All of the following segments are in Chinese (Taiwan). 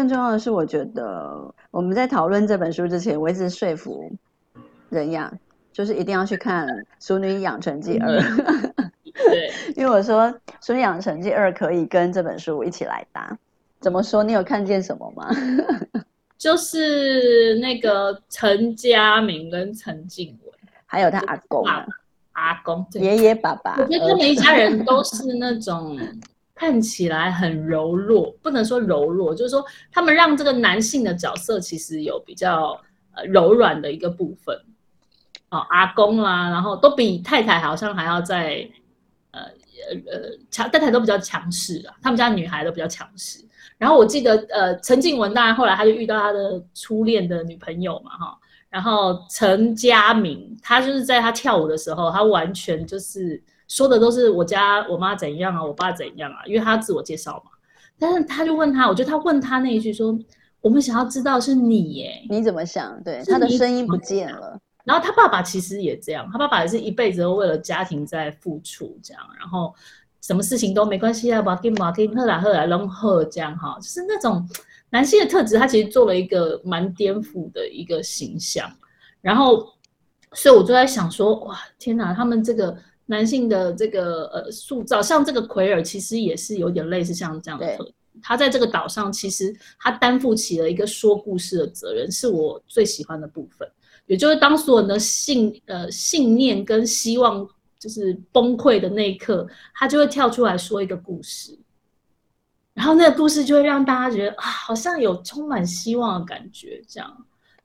更重要的是，我覺得我們在討論這本書之前，我一直說服人雅，就是一定要去看《淑女養成記二》嗯。對， 因為我說《淑女養成記二》可以跟這本書一起來搭。怎麼說？你有看見什麼嗎？ 就是那個陳家明跟陳敬偉，還有他阿公、阿、阿公、爺爺、爸爸。我覺得他們一家人都是那種。 看起來很柔弱，不能說柔弱，就是說他們讓這個男性的角色其實有比較柔軟的一個部分，哦，阿公啦、啊，然後都比太太好像還要再，呃呃強，太太都比較強勢啊，他們家女孩都比較強勢。然後我記得呃，陳靜文當然後來他就遇到他的初戀的女朋友嘛，哈，然後陳嘉明，他就是在他跳舞的時候，他完全就是。說的都是我家，我媽怎樣啊，我爸怎樣啊？因為他自我介紹嘛。但是他就問他，我覺得他問他那一句說：“我們想要知道是你耶，你怎麼想？”對，對他的聲音不見了。然後他爸爸其實也這樣，他爸爸也是一輩子都為了家庭在付出，這樣。然後什麼事情都沒關係啊，把給把給喝來喝來弄喝這樣哈、哦，就是那種男性的特質。他其實做了一個蠻顛覆的一個形象。然後，所以我就在想說，哇，天哪，他們這個。男性的這個呃塑造，像這個奎爾其實也是有點類似像這樣的特點。對他在這個島上，其實他擔負起了一個說故事的責任，是我最喜歡的部分。也就是當所有人的信呃信念跟希望就是崩潰的那一刻，他就會跳出來說一個故事，然後那個故事就會讓大家覺得啊，好像有充滿希望的感覺這樣。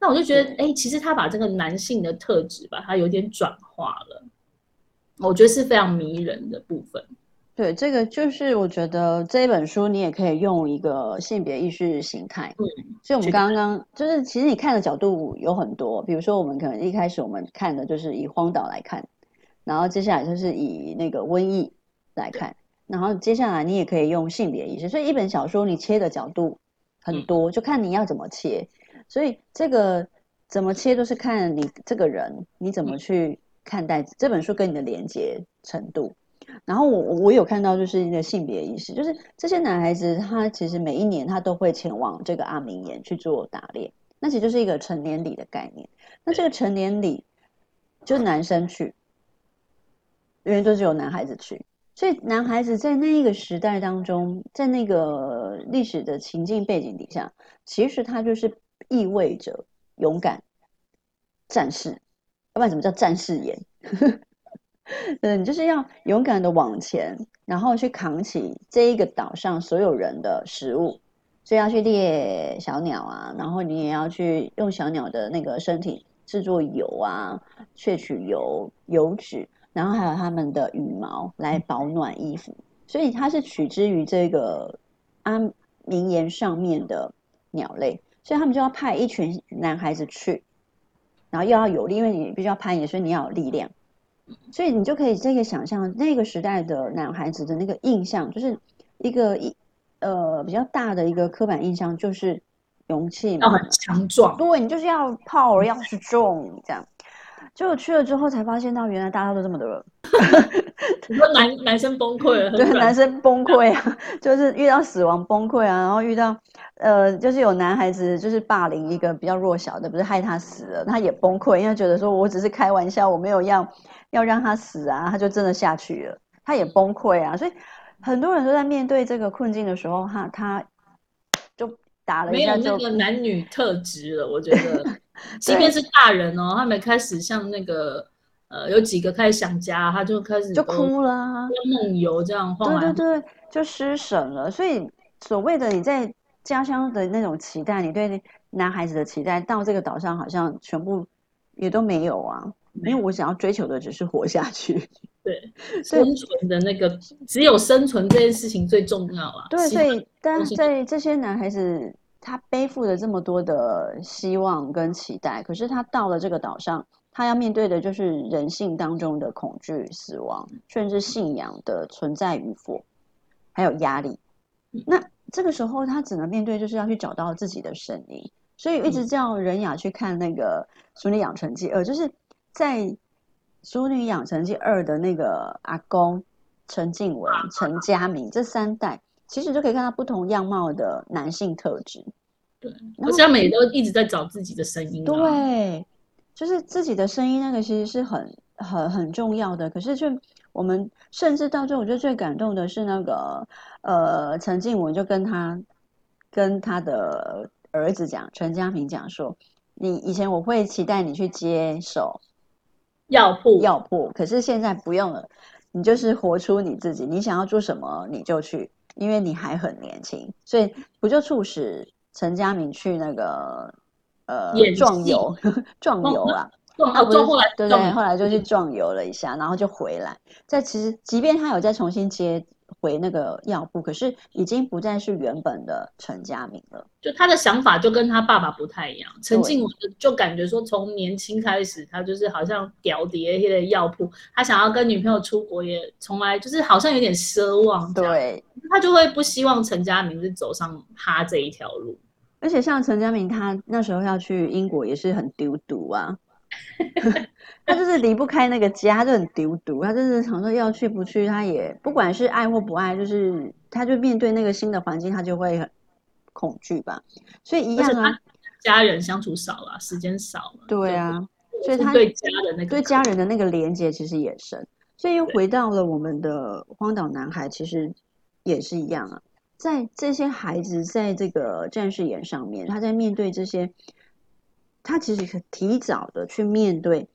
那我就覺得，哎對，其實他把這個男性的特質把它有點轉化了。我覺得是非常迷人的部分。對，這個就是我覺得這一本書，你也可以用一個性別意識形態。嗯對，所以我們剛剛確實就是，其實你看的角度有很多。比如說，我們可能一開始我們看的就是以荒島來看，然後接下來就是以那個瘟疫來看，對然後接下來你也可以用性別意識。所以，一本小說你切的角度很多，嗯、就看你要怎麼切。所以，這個怎麼切都是看你這個人你怎麼去、嗯。看待這本書跟你的連接程度，然後我我有看到就是那個性別意識，就是這些男孩子他其實每一年他都會前往這個阿明岩去做打獵，那其實就是一個成年禮的概念。那這個成年禮就男生去，因為都只有男孩子去，所以男孩子在那一個時代當中，在那個歷史的情境背景底下，其實他就是意味着勇敢戰士。要不然怎麼叫戰士岩？嗯， 你就是要勇敢的往前，然後去扛起這一個島上所有人的食物，所以要去獵小鳥啊，然後你也要去用小鳥的那個身體制作油啊，萃取油油脂，然後還有他們的羽毛來保暖衣服，所以它是取之於這個阿明岩上面的鳥類，所以他們就要派一群男孩子去。然後又要有力，因為你必須要攀岩，所以你要有力量，所以你就可以這個想象那個時代的男孩子的那個印象，就是一個一呃比較大的一個刻板印象，就是勇氣嘛，很強壯，對，你就是要 power，要 strong 這樣。就我去了之後才發現，到原來大家都這麼多人呵呵。說 男 男生崩潰了，對，難男生崩潰啊，就是遇到死亡崩潰啊，然後遇到，呃，就是有男孩子就是霸凌一個比較弱小的，不是害他死了，他也崩潰，因為覺得說我只是開玩笑，我沒有要要讓他死啊，他就真的下去了，他也崩潰啊，所以很多人都在面對這個困境的時候，哈，他。打了沒有那個男女特質了，我覺得， 對即便是大人哦，他們開始像那個呃，有幾個開始想家，他就開始就哭了、啊，夢遊這樣，對對對，就失神了。 所以所謂的你在家鄉的那種期待，你對男孩子的期待，到這個島上好像全部也都沒有啊，嗯、因為我想要追求的只是活下去，對， 對生存的那個，只有生存這件事情最重要啊。對對，在所以但是在這些男孩子。他背負了這麼多的希望跟期待，可是他到了這個島上，他要面對的就是人性當中的恐懼、死亡，甚至信仰的存在與否，還有壓力。那這個時候，他只能面對，就是要去找到自己的神靈，所以一直叫仁雅去看那個《俗女養成記二》，就是在《俗女養成記二》的那個阿公陳靜文、陳佳明這三代。其實就可以看到不同樣貌的男性特質，對。然後，我家每都一直在找自己的聲音、啊，對，就是自己的聲音那個，其實是很很很重要的。可是，卻我們甚至到最後，我覺得最感動的是那個呃，陳靜文就跟他跟他的兒子講，陳嘉明講說：“你以前我會期待你去接手藥鋪，藥鋪，藥鋪，可是現在不用了，你就是活出你自己，你想要做什麼你就去。”因為你還很年輕，所以不就促使陳佳明去那個呃壯遊壯遊啊？壯、哦、後來對對，後來就去壯遊了一下，然後就回來。在、嗯、其實，即便他有再重新接。回那個藥鋪，可是已經不再是原本的陳家明了。就他的想法，就跟他爸爸不太一樣。陳敬對就，就感覺說，從年輕開始，他就是好像吊些的藥鋪，他想要跟女朋友出國，也從來就是好像有點奢望。對，他就會不希望陳家明是走上他這一條路。而且像陳家明，他那時候要去英國，也是很丟毒啊。 他就是離不開那個家，就很丟丟。他就是常說要去不去，他也不管是愛或不愛，就是他就面對那個新的環境，他就會很恐懼吧。所以一樣啊，家人相處少了，時間少了，對啊，對對，所以他對家的對家人的那個連接其實也深。所以又回到了我們的荒島男孩，其實也是一樣啊。在這些孩子在這個戰士岩上面，他在面對這些。他其實可以提早的去面對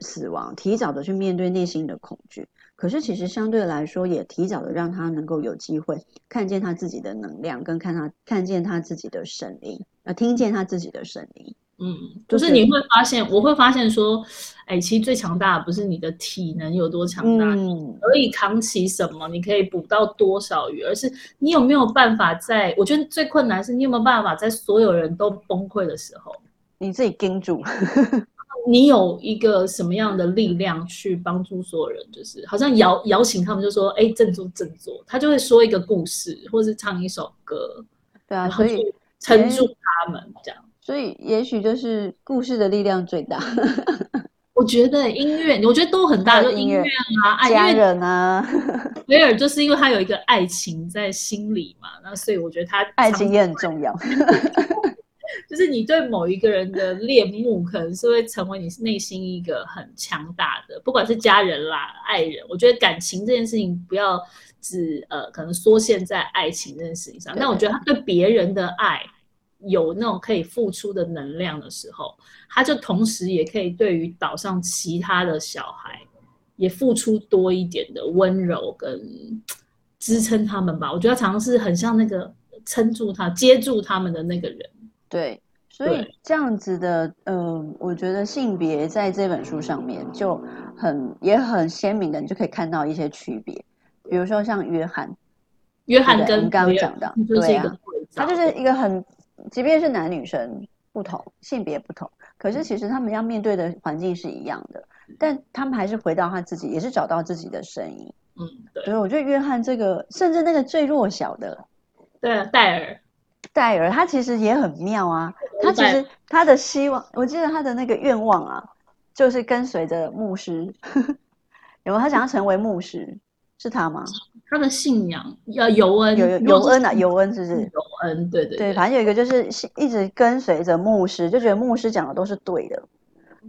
死亡，提早的去面對內心的恐懼。可是其實相對來說，也提早的讓他能夠有機會看見他自己的能量，跟看他看見他自己的神靈，啊，聽見他自己的神靈。就是、嗯，就是你會發現，我會發現說，哎、欸，其實最強大的不是你的體能有多強大，嗯，你可以扛起什麼，你可以捕到多少魚，而是你有沒有辦法在。我覺得最困難是你有沒有辦法在所有人都崩潰的時候。你自己撐住， 你有一個什麼樣的力量去幫助所有人？就是好像搖搖醒他們，就說：“哎、欸，振作，振作！”他就會說一個故事，或是唱一首歌，對啊，然後去撐住他們以、欸、這樣。所以，也許就是故事的力量最大。 我覺得音樂，我覺得都很大，的音樂就音樂啊、家人啊。威爾、啊人啊、 就是因為他有一個愛情在心裡嘛，那所以我覺得他愛情也很重要。 就是你對某一個人的戀慕，可能是會成為你內心一個很強大的，不管是家人啦、愛人。我覺得感情這件事情不要只呃可能縮限在愛情這件事情上。那對我覺得他對別人的愛有那種可以付出的能量的時候，他就同時也可以對於島上其他的小孩也付出多一點的溫柔跟支撐他們吧。我覺得他常常是很像那個撐住他、接住他們的那個人。對，所以這樣子的，嗯對、呃，我覺得性別在這本書上面就很也很鮮明的，你就可以看到一些區別，比如說像約翰，約翰對跟你剛剛講到，就是、對啊，他就是一個很，即便是男女生不同，性別不同，可是其實他們要面對的環境是一樣的，但他們還是回到他自己，也是找到自己的聲音，嗯，對，所以我覺得約翰這個，甚至那個最弱小的，對啊，戴爾。戴爾，他其實也很妙啊。他其實他的希望，我記得他的那個願望啊，就是跟隨着牧師，然後他想要成為牧師，是他嗎？他的信仰要尤恩，尤尤恩啊，尤恩是不是？尤恩，對對對，對，反正有一個就是一直跟隨着牧師，就覺得牧師講的都是對的。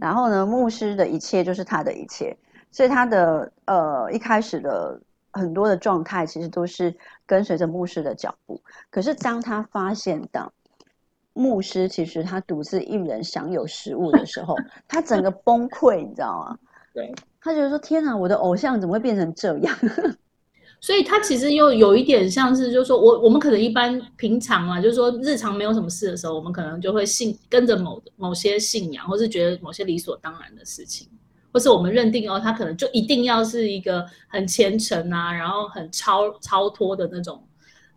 然後呢，牧師的一切就是他的一切，所以他的呃一開始的。很多的狀態其實都是跟隨着牧師的腳步，可是當他發現到牧師其實他獨自一人享有食物的時候， 他整個崩潰，你知道嗎？對，他覺得說天哪，我的偶像怎麼會變成這樣？ 所以他其實又有一點像是，就是說我我們可能一般平常啊，就是說日常沒有什麼事的時候，我們可能就會信跟着某某些信仰，或是覺得某些理所當然的事情。或是我們認定哦，他可能就一定要是一個很虔誠啊，然後很超超脫的那種，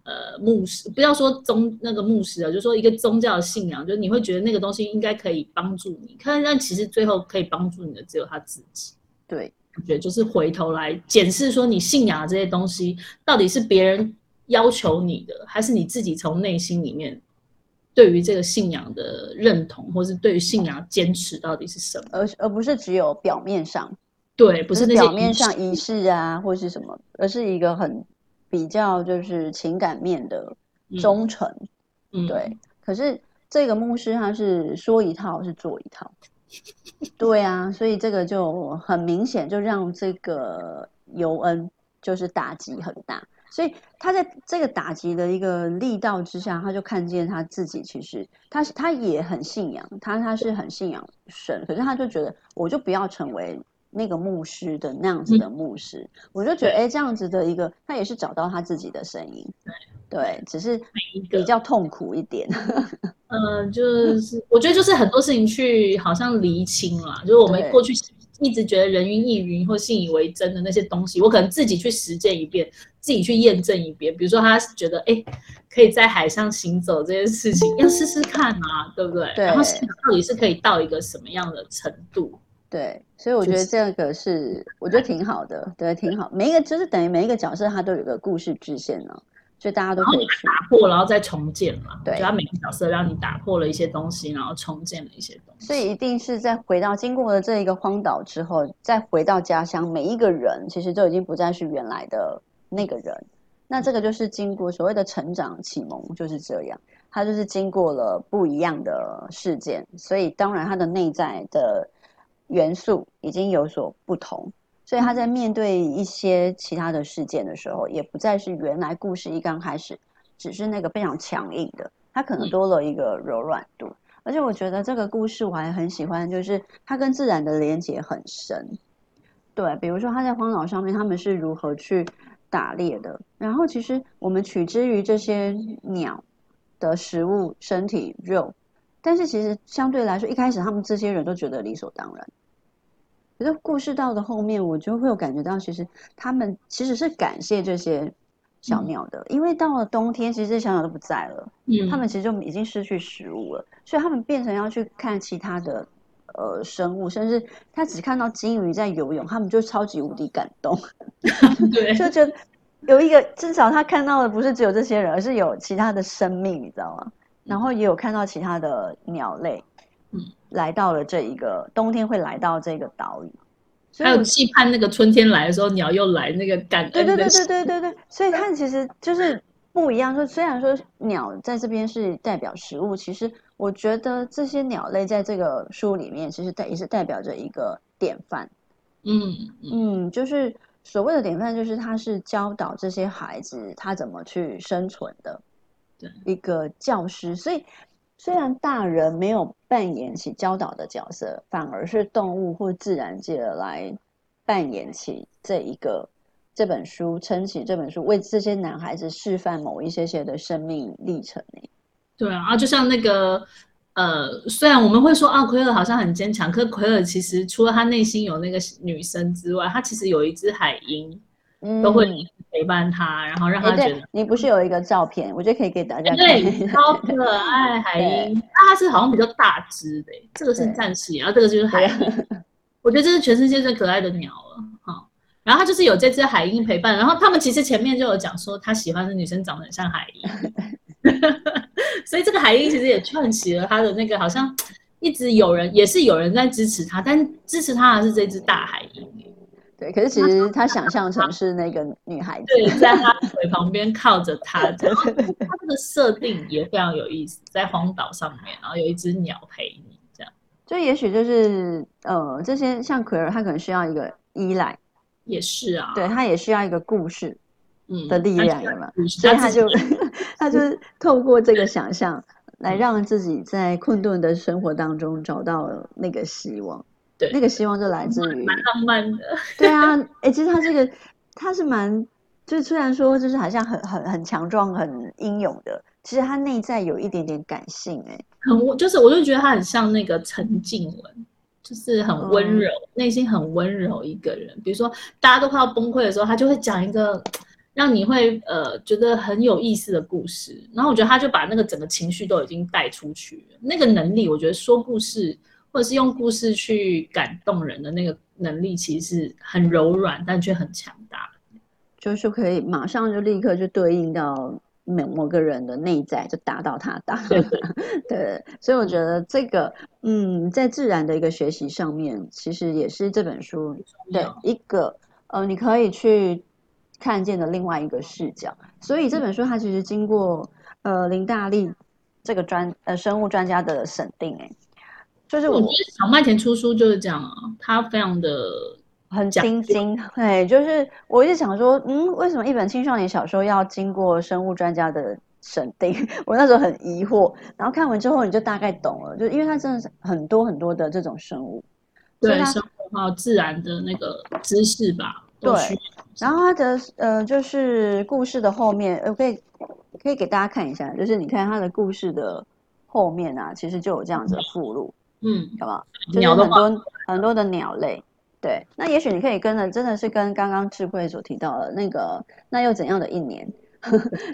呃，牧師不要說宗那個牧師啊，就是說一個宗教的信仰，就是你會覺得那個東西應該可以幫助你。看，但其實最後可以幫助你的只有他自己。對，我覺得就是回頭來檢視說，你信仰這些東西到底是別人要求你的，還是你自己從內心裡面。對於這個信仰的認同，或是對於信仰堅持到底是什麼，而而不是只有表面上，對，不是，是表面上儀式啊，或是什麼，而是一個很比較就是情感面的忠誠，嗯、對。嗯、可是這個牧師他是說一套是做一套， 對啊，所以這個就很明顯，就讓這個尤恩就是打擊很大。所以他在這個打擊的一個力道之下，他就看見他自己。其實他他也很信仰，他他是很信仰神，嗯、可是他就覺得，我就不要成為那個牧師的那樣子的牧師。嗯、我就覺得，哎、欸，這樣子的一個，他也是找到他自己的聲音。嗯、對，只是比較痛苦一點。嗯、 呃，就是我覺得就是很多事情去好像釐清了，嗯、就是我們過去一直覺得人云亦云或信以為真的那些東西，我可能自己去實踐一遍。自己去驗證一遍，比如說他覺得哎，可以在海上行走這件事情，要試試看嘛、啊，對不對？對。然後到底是可以到一個什麼樣的程度？對，所以我覺得這個是、就是、我覺得挺好的，對，對挺好。對。每一個就是等於每一個角色，他都有個故事支線呢，就大家都可以，然後你打破，然後再重建嘛。對，他每個角色讓你打破了一些東西，然後重建了一些東西。所以一定是在回到經過了這一個荒島之後，再回到家鄉，每一個人其實都已經不再是原來的那個人，那這個就是經過所謂的成長啟蒙，就是這樣，他就是經過了不一樣的事件，所以當然他的內在的元素已經有所不同，所以他在面對一些其他的事件的時候，也不再是原來故事一剛開始，只是那個非常強硬的，他可能多了一個柔軟度，而且我覺得這個故事我還很喜歡，就是他跟自然的連結很深，對，比如說他在荒島上面，他們是如何去，打獵的，然後其實我們取之於這些鳥的食物、身體肉，但是其實相對來說，一開始他們這些人都覺得理所當然。可是故事到的後面，我就會有感覺到，其實他們其實是感謝這些小鳥的，嗯、因為到了冬天，其實這些小鳥都不在了，嗯、他們其實就已經失去食物了，所以他們變成要去看其他的。呃，生物，甚至他只看到鯨魚在游泳，他們就超級無敵感動， 對，就覺得有一個至少他看到的不是只有這些人，而是有其他的生命，你知道嗎？嗯、然後也有看到其他的鳥類，嗯，來到了這一個冬天會來到這個島嶼，所以有還有期盼那個春天來的時候，鳥又來那個感恩。對對對對對對對，所以他其實就是不一樣說，說 雖然說鳥在這邊是代表食物，其實。我覺得這些鳥類在這個書裡面，其實代也是代表着一個典範。嗯嗯，就是所謂的典範，就是他是教導這些孩子他怎麼去生存的，一個教師。對所以雖然大人沒有扮演起教導的角色，反而是動物或自然界來扮演起這一個這本書撐起這本書，為這些男孩子示範某一些些的生命歷程對啊，啊就像那個，呃，雖然我們會說啊，奎爾好像很堅強，可是奎爾其實除了他內心有那個女生之外，他其實有一只海鸚，都會陪伴他。嗯、然後讓他覺得、欸，你不是有一個照片？我覺得可以給大家看。對， 對，超可愛海鸚，那它對是好像比較大只的，欸，這個是戰士，對然後這個就是海鸚。啊，我覺得這是全世界最可愛的鳥了。好，嗯，然後他就是有這只海鸚陪伴，然後他們其實前面就有講說，他喜歡的女生長得很像海鸚。 所以這個海鸚其實也串起了他的那個，好像一直有人，也是有人在支持他，但支持他的是這隻大海鸚。對，可是其實他想象成是那個女孩子， 對，在他腿旁邊靠着他。 就他這個設定也非常有意思，在荒島上面，然後有一隻鳥陪你這樣。就也許就是呃，這些像奎爾，他可能需要一個依賴，也是啊，對，他也需要一個故事。嗯、的力量了嘛。嗯、所以他就他，是 他就透過這個想象來讓自己在困頓的生活當中找到那個希望。對，那個希望就來自於蠻浪漫的。對啊，哎、 欸，其實他這個他是蠻，就雖然說就是好像很很很強壯、很英勇的，其實他內在有一點點感性、欸。哎，很我就是我就覺得他很像那個陳靜文，就是很溫柔，內、嗯、心很溫柔一個人。比如說大家都快要崩潰的時候，他就會講一個。讓你會呃覺得很有意思的故事，然後我覺得他就把那個整個情緒都已經帶出去，那個能力，我覺得說故事或者是用故事去感動人的那個能力，其實很柔軟但卻很強大，就是可以馬上就立刻就對應到某某個人的內在，就打到他打，對，對， 對，所以我覺得這個嗯，在自然的一個學習上面，其實也是這本書的一個呃，你可以去。看見的另外一個視角，所以這本書它其實經過呃林大利這個專呃生物專家的審定、欸，哎，就是我覺得小麥田出書就是這樣啊，它非常的很清新，嗯、對，就是我一直想說，嗯，為什麼一本青少年小說要經過生物專家的審定？ 我那時候很疑惑，然後看完之後你就大概懂了，就因為它真的是很多很多的這種生物，對，然後自然的那個知識吧。對，然後它的呃，就是故事的後面，我、呃、可以可以給大家看一下，就是你看它的故事的後面啊，其實就有這樣子的附錄，嗯，好不好？就有、是、很多很多的鳥類，對。那也許你可以跟着，真的是跟剛剛智慧所提到的那個，那又怎樣的一年？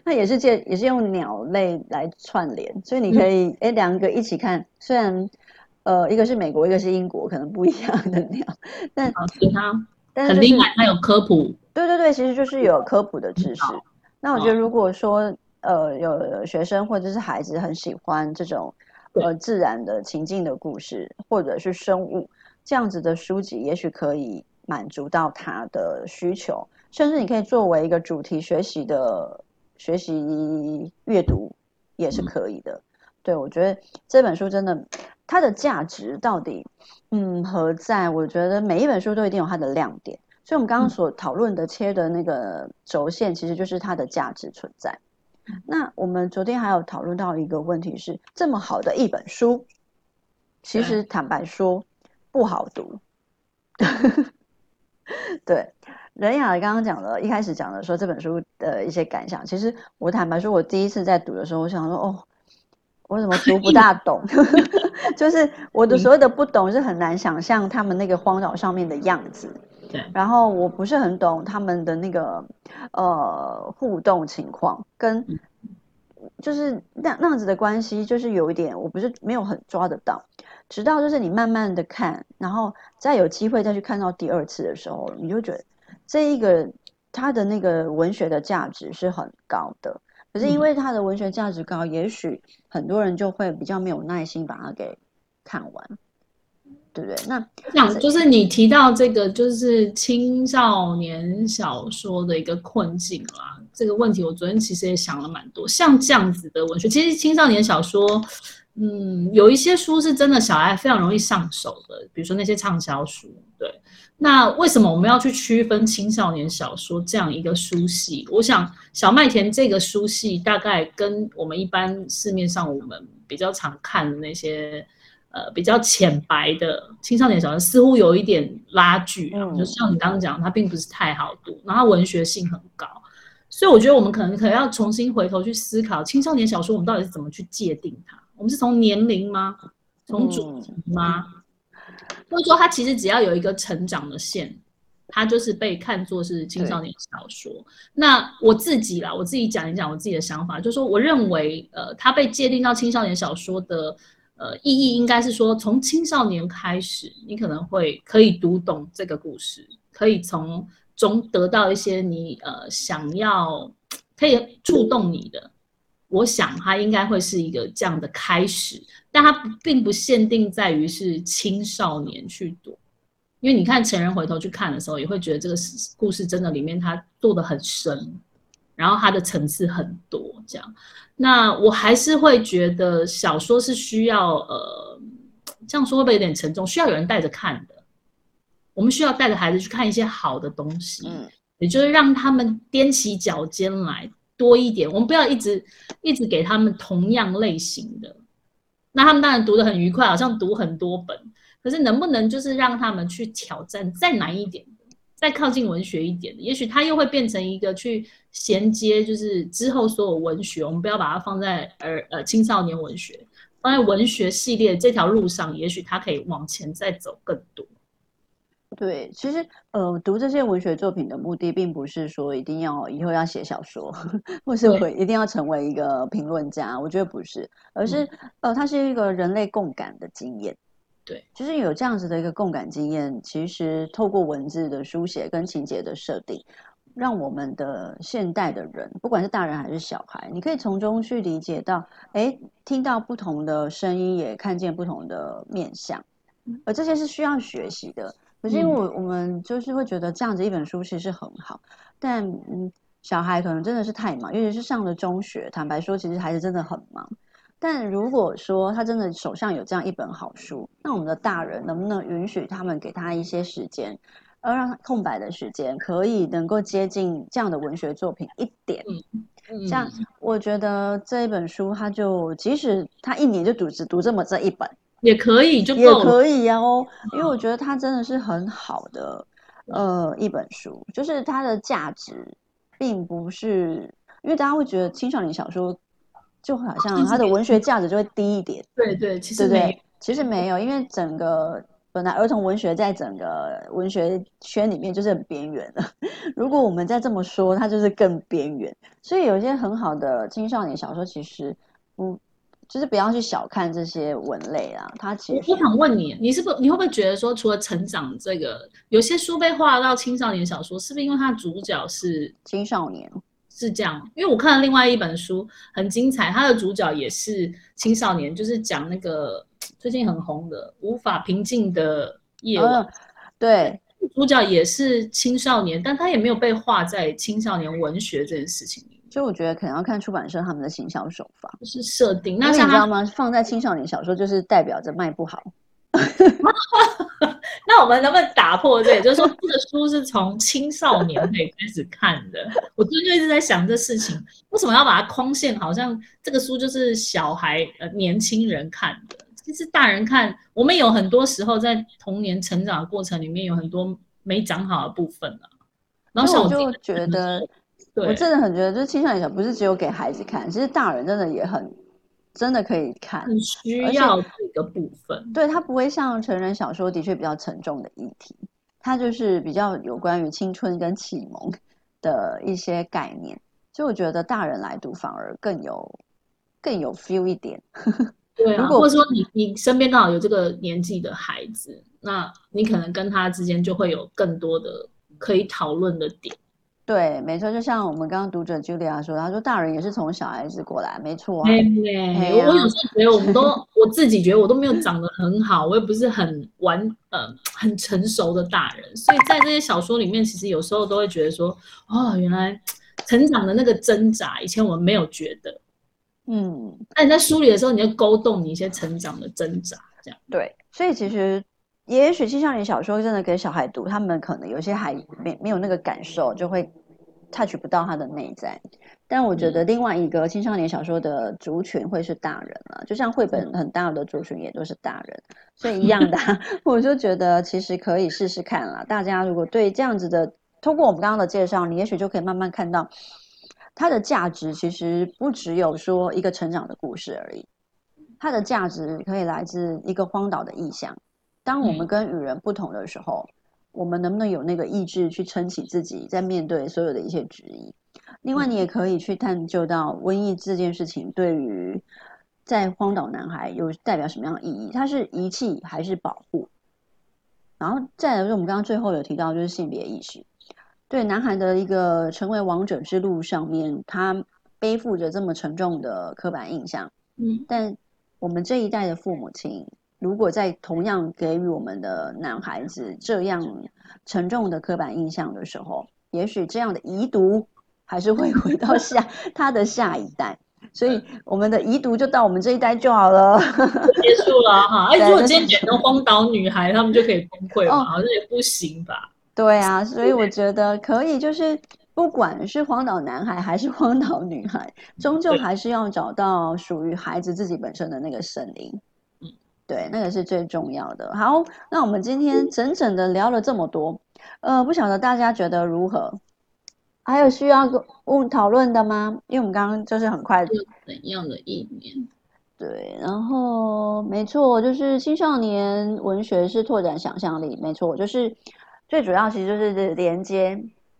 那 也是借，也是用鳥類來串聯，所以你可以哎，兩、嗯欸、個一起看。雖然呃，一個是美國，一個是英國，可能不一樣的鳥，但其他。肯定啊，它、就是、有科普、嗯。對對對，其實就是有科普的知識。那我覺得，如果說、哦、呃有學生或者是孩子很喜歡這種對呃自然的情境的故事，或者是生物這樣子的書籍，也許可以滿足到他的需求，甚至你可以作為一個主題學習的學習閱讀也是可以的。嗯、對我覺得這本書真的。它的價值到底嗯何在？我覺得每一本書都一定有它的亮點，所以我們剛剛所討論的、嗯、切的那個軸線，其實就是它的價值存在。那我們昨天還有討論到一個問題是，這麼好的一本書，其實坦白說 不好讀。 對，任雅剛剛講的一開始講的說這本書的一些感想，其實我坦白說，我第一次在讀的時候，我想說哦。我怎麼讀不大懂？ 就是我的所謂的不懂是很難想象他們那個荒島上面的樣子。對。然後我不是很懂他們的那個呃互動情況，跟就是那那樣子的關係，就是有一點我不是沒有很抓得到。直到就是你慢慢的看，然後再有機會再去看到第二次的時候，你就覺得這一個它的那個文學的價值是很高的。可是因為它的文學價值高，嗯、也許很多人就會比較沒有耐心把它給看完，對不對，對？那講那再就是你提到這個，就是青少年小說的一個困境啦、啊。這個問題我昨天其實也想了蠻多。像這樣子的文學，其實青少年小說，嗯，有一些書是真的小孩非常容易上手的，比如說那些暢銷書，對。那為什麼我們要去區分青少年小說這樣一個書系？我想，小麥田這個書系大概跟我們一般市面上我們比較常看的那些，呃，比較淺白的青少年小說似乎有一點拉鋸，嗯，就像你剛剛講，它並不是太好讀，然後文學性很高，所以我覺得我們可能可能要重新回頭去思考青少年小說我們到底是怎麼去界定它？我們是從年齡嗎？從主題，嗯，嗎？或者說，它其實只要有一個成長的線，它就是被看作是青少年小說。對那我自己啦，我自己講一講我自己的想法，就是說，我認為，呃，它被界定到青少年小說的，呃，意義應該是說，從青少年開始，你可能會可以讀懂這個故事，可以從中得到一些你呃想要可以觸動你的。我想它應該會是一個這樣的開始。但它並不限定在於是青少年去讀，因為你看成人回頭去看的時候，也會覺得這個故事真的裡面它做的很深，然後它的層次很多這樣。那我還是會覺得小說是需要呃，這樣說會不會有點沉重？需要有人帶着看的。我們需要帶着孩子去看一些好的東西，嗯，也就是讓他們踮起腳尖來多一點。我們不要一直一直給他們同樣類型的。那他們當然讀得很愉快，好像讀很多本，可是能不能就是讓他們去挑戰再難一點，再靠近文學一點，也許他又會變成一個去銜接，就是之後所有文學，我們不要把它放在兒呃青少年文學，放在文學系列的這條路上，也許它可以往前再走更多。對，其實呃，讀這些文學作品的目的，並不是說一定要以後要寫小說，或是我一定要成為一個評論家，對我覺得不是，而是、嗯、呃，它是一個人類共感的經驗。對，就是有這樣子的一個共感經驗，其實透過文字的書寫跟情節的設定，讓我們的現代的人，不管是大人還是小孩，你可以從中去理解到，哎，聽到不同的聲音，也看見不同的面向，而這些是需要學習的。是因為我我們就是會覺得這樣子一本書其實很好，但小孩可能真的是太忙，尤其是上了中學，坦白說，其實孩子真的很忙。但如果說他真的手上有這樣一本好書，那我們的大人能不能允許他們給他一些時間，而讓他空白的時間可以能夠接近這樣的文學作品一點。這樣、嗯嗯、我覺得這一本書，他就即使他一年就讀只讀這麼這一本。也可以，就夠也可以、啊、哦，嗯、因為我覺得它真的是很好的，嗯、呃，一本書，就是它的價值，並不是因為大家會覺得青少年小說就好像、哦、它的文學價值就會低一點。對對，其實對，對，其實，其實沒有，因為整個本來兒童文學在整個文學圈裡面就是很邊緣的，如果我們再這麼說，它就是更邊緣。所以有一些很好的青少年小說，其實嗯。就是不要去小看這些文類啊，他其實我想問你，你是不你會不會覺得說，除了成長這個，有些書被劃到青少年小說，是不是因為它的主角是青少年？是這樣，因為我看了另外一本書，很精彩，它的主角也是青少年，就是講那個最近很紅的《無法平靜的夜晚》、嗯、對，主角也是青少年，但他也沒有被劃在青少年文學這件事情所以我覺得可能要看出版社他們的行銷手法，就是設定。那你知道嗎？他放在青少年小說，就是代表着賣不好。 那我們能不能打破這 就是說，這個書是從青少年可以開始看的。我最近一直在想這事情，為什麼要把它框限？好像這個書就是小孩、呃年輕人看的，其實大人看。我們有很多時候在童年成長的過程裡面有很多沒講好的部分、啊、然後我就覺得。 對我真的很覺得，就是青少年小說不是只有給孩子看，其實大人真的也很真的可以看，很需要這個部分。對，它不會像成人小說，的確比較沉重的議題，它就是比較有關於青春跟啟蒙的一些概念，所以我覺得大人來讀反而更有更有 feel 一點。 對啊，如果說你你身邊剛好有這個年紀的孩子，那你可能跟他之間就會有更多的可以討論的點。對，沒錯，就像我們剛剛讀者 Julia 說，她說大人也是從小孩子過來，沒錯。哎，我有時候覺得我，我們都我自己覺得，我都沒有長得很好，我也不是很完，呃，很成熟的大人。所以在這些小說裡面，其實有時候都會覺得說，哦，原來成長的那個掙扎，以前我們沒有覺得。嗯，那你在梳理的時候，你就勾動你一些成長的掙扎，這樣對。所以其實。也許青少年小說真的給小孩讀，他們可能有些還沒沒有那個感受，就會 touch 不到他的內在。但我覺得另外一個青少年小說的族群會是大人了，就像繪本很大的族群也都是大人，嗯、所以一樣的，我就覺得其實可以試試看啦， 大家如果對這樣子的，通過我們剛剛的介紹，你也許就可以慢慢看到它的價值，其實不只有說一個成長的故事而已，它的價值可以來自一個荒島的意象。當我們跟與人不同的時候，嗯，我們能不能有那個意志去撐起自己，在面對所有的一些質疑？另外，你也可以去探究到瘟疫這件事情對於在荒島男孩有代表什麼樣的意義？它是遺棄還是保護？然後再來就是我們剛剛最後有提到，就是性別意識對男孩的一個成為王者之路上面，他背負着這麼沉重的刻板印象。嗯，但我們這一代的父母親。如果在同樣給予我們的男孩子這樣沉重的刻板印象的時候，也許這樣的遺毒還是會回到下 他的下一代，所以我們的遺毒就到我們這一代就好了， 結束了哈、啊。而、啊、且 如果今天選到荒島女孩， 他們就可以崩潰 哦，好像也不行吧。對啊，所以我覺得可以，就是不管是荒島男孩還是荒島女孩，終究還是要找到屬於孩子自己本身的那個森林。對，那個是最重要的。好，那我們今天整整的聊了這麼多，呃，不曉得大家覺得如何？還有需要問討論的嗎？因為我們剛剛就是很快的。就有怎樣的一年？對，然後沒錯，就是青少年文學是拓展想象力，沒錯，就是最主要，其實就是連接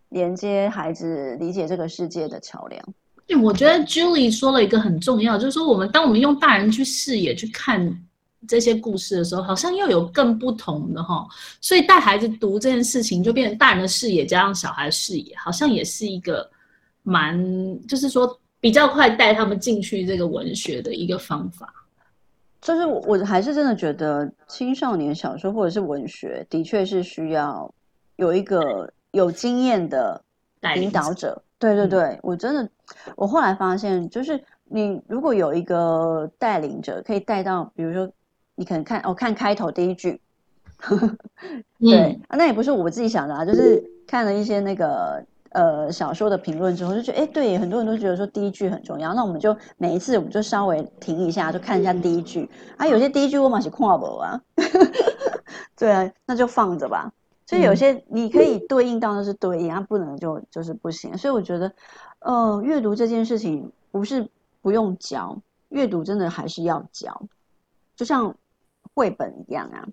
連接孩子理解這個世界的橋梁。對，我覺得 Julie 說了一個很重要，就是說我們當我們用大人去視野去看。這些故事的時候，好像又有更不同的哈，所以帶孩子讀這件事情就變成大人的視野加上小孩的視野，好像也是一個蠻，就是說比較快帶他們進去這個文學的一個方法。就是我還是真的覺得青少年小說或者是文學，的確是需要有一個有經驗的領導者。對對對，嗯，我真的，我後來發現，就是你如果有一個帶領者，可以帶到，比如說。你可能看，哦，看開頭第一句， 對 Yeah. 啊，那也不是我自己想的啊，就是看了一些那個呃小說的評論之後，就覺得哎、欸，對，很多人都覺得說第一句很重要，那我們就每一次我們就稍微停一下，就看一下第一句啊。有些第一句我滿是空白啊， 對啊，那就放着吧。所以有些你可以對應到那是對應，啊不能就就是不行。所以我覺得，哦、呃，閱讀這件事情不是不用教，閱讀真的還是要教，就像。繪本一樣啊，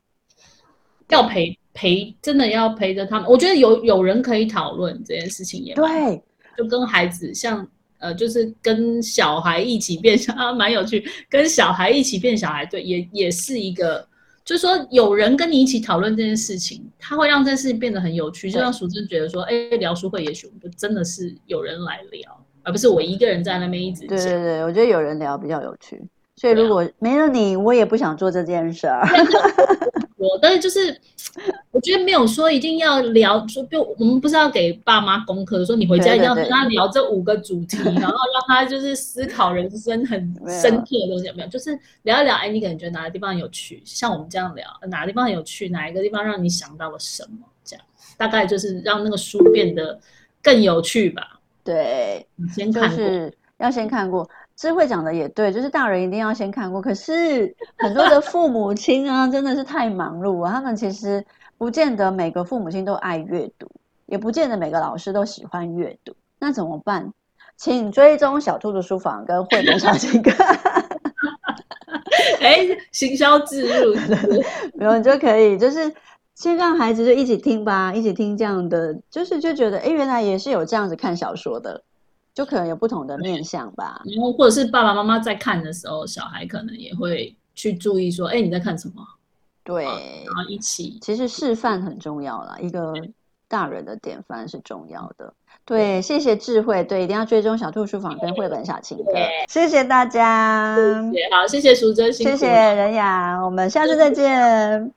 要陪陪，真的要陪着他們。我覺得有有人可以討論這件事情也對，就跟孩子像呃，就是跟小孩一起變小啊，蠻有趣。跟小孩一起變小孩，對，也也是一個，就是說有人跟你一起討論這件事情，他會讓這件事情變得很有趣。對就像淑珍覺得說，哎、欸，聊書會，也許我們就真的是有人來聊，而不是我一個人在那邊一直講。對對對，我覺得有人聊比較有趣。所以，如果沒有你，啊、我也不想做這件事。我 但是就是，我覺得沒有說一定要聊，說就我們不是要給爸媽功課，說你回家一定要跟他聊這五個主題，對對對，然後讓他就是思考人生很深刻的東西，有沒有？沒有，就是聊一聊，哎，你感覺哪個地方有趣？像我們這樣聊，哪個地方很有趣？哪一個地方讓你想到了什麼？這樣大概就是讓那個書變得更有趣吧。對，你先看過，就是要先看過。智慧講的也對，就是大人一定要先看過。可是很多的父母親啊， 真的是太忙碌了、啊。他們其實不見得每個父母親都愛閱讀，也不見得每個老師都喜歡閱讀。那怎麼辦？請追蹤小兔子書房跟繪本超級哥。哎， 行銷自入是是 沒有你就可以，就是先讓孩子就一起聽吧，一起聽這樣的，就是就覺得哎，原來也是有這樣子看小說的。就可能有不同的面向吧，然後、嗯、或者是爸爸媽媽在看的時候，小孩可能也會去注意說，哎，你在看什麼？對、啊，然後一起，其實示範很重要啦，一個大人的典範對是重要的。對，對謝謝智慧，對，一定要追蹤小兔書房跟繪本小情歌哥，對謝謝大家謝謝，好，謝謝淑珍，謝謝仁雅，我們下次再見。